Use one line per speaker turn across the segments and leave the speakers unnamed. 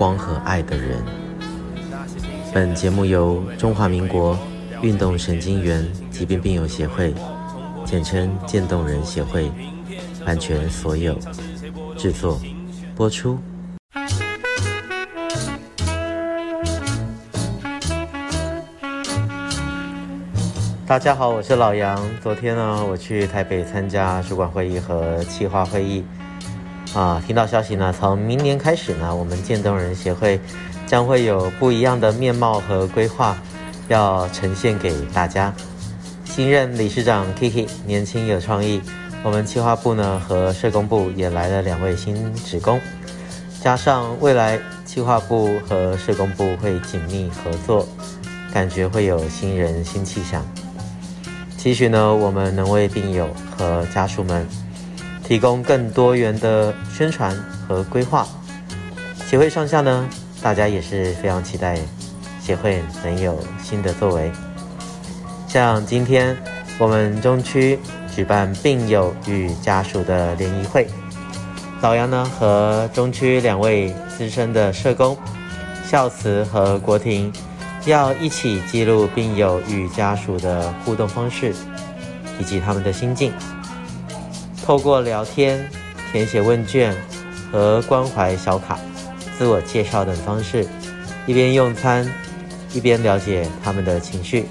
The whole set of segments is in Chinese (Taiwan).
光和愛的人。本節目由中華民國運動神經元疾病病友協會，簡稱漸凍人協會，版權所有，制作播出。大家好，我是老羊。昨天呢，我去台北參加主管會議和企劃會議。啊，聽到消息呢，從明年開始呢，我們漸凍人協會將會有不一樣的面貌和規劃，要呈現給大家。新任理事長 Kiki 年輕有創意，我們企劃部呢和社工部也來了兩位新職工，加上未來企劃部和社工部會緊密合作，感覺會有新人新氣象。期許呢，我們能為病友和家屬們。提供更多元的宣傳和規劃，協會上下呢，大家也是非常期待協會能有新的作為。像今天，我們中區舉辦病友與家屬的聯誼會，老羊呢和中區兩位資深的社工孝慈和國婷要一起記錄病友與家屬的互動方式以及他們的心境。透過聊天、填寫問卷和關懷小卡、自我介紹等方式，一邊用餐，一邊了解他們的情緒、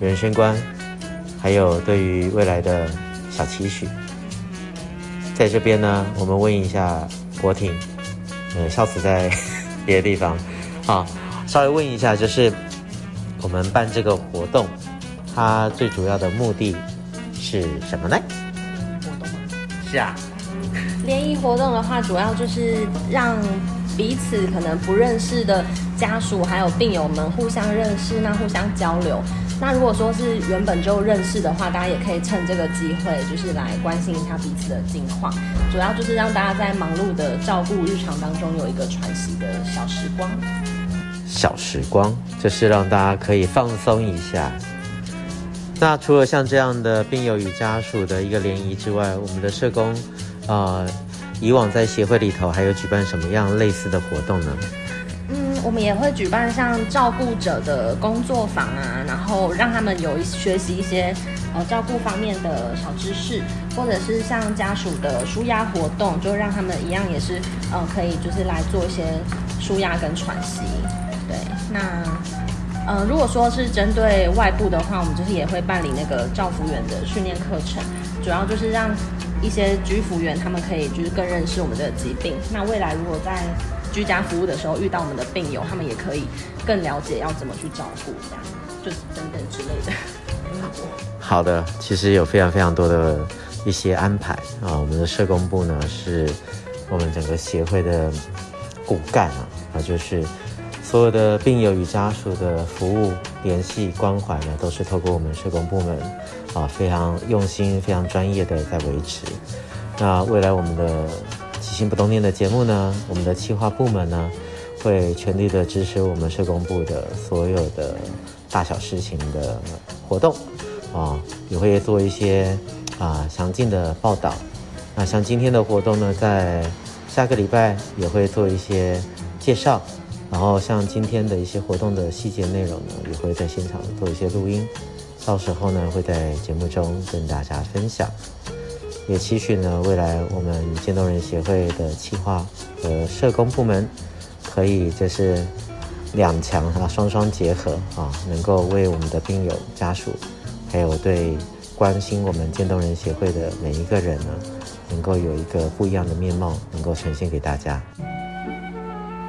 人生觀，還有對於未來的小期許。在這邊呢，我們問一下國婷，呃，孝慈在別的地方。好，稍微問一下，就是我們辦這個活動，它最主要的目的是什麼呢？
聯誼活動的話，主要就是讓彼此可能不認識的家屬還有病友們互相認識，那互相交流。那如果說是原本就認識的話，大家也可以趁這個機會，就是來關心一下彼此的近況。主要就是讓大家在忙碌的照顧日常當中有一個喘息的小時光。
小時光，就是讓大家可以放鬆一下。那除了像這樣的病友與家屬的一個聯誼之外，我們的社工，啊、呃，以往在協會裡頭還有舉辦什麼樣類似的活動呢？嗯，
我們也會舉辦像照顧者的工作坊啊，然後讓他們有學習一些呃照顧方面的小知識，或者是像家屬的舒壓活動，就讓他們一樣也是呃可以就是來做一些舒壓跟喘息。對，那。嗯、呃，如果說是針對外部的話，我們就是也會辦理那個照服員的訓練課程，主要就是讓一些居服員他們可以就是更認識我們的疾病。那未來如果在居家服務的時候遇到我們的病友，他們也可以更了解要怎麼去照顧，這樣就等、是、等之類的好。
好的，其實有非常非常多的一些安排啊，我們的社工部呢是我們整個協會的骨幹啊，那、啊、就是。所有的病友與家屬的服務聯繫關懷呢，都是透過我們社工部門啊，非常用心、非常專業的在維持。那未來我們的“起心不凍念”的節目呢，我們的企劃部門呢，會全力的支持我們社工部的所有的大小事情的活動，啊，也會做一些啊詳盡的報道。那像今天的活動呢，在下個禮拜也會做一些介紹。然後像今天的一些活動的細節內容呢，也會在現場做一些錄音，到時候呢會在節目中跟大家分享。也期許呢未來我們漸凍人協會的企劃和社工部門，可以就是兩強啊雙雙結合啊，能夠為我們的病友家屬，還有對關心我們漸凍人協會的每一個人呢，能夠有一個不一樣的面貌，能夠呈現給大家。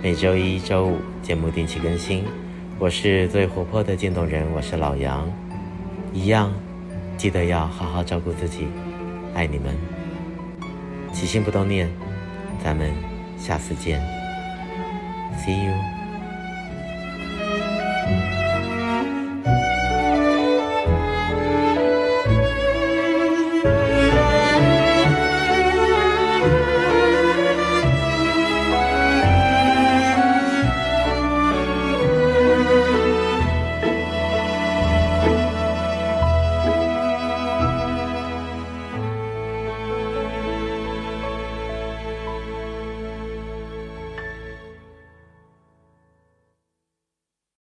每週一、週五節目定期更新，我是最活潑的漸凍人，我是老楊，一樣，記得要好好照顧自己，愛你們，起心不凍念，咱們下次見，See you。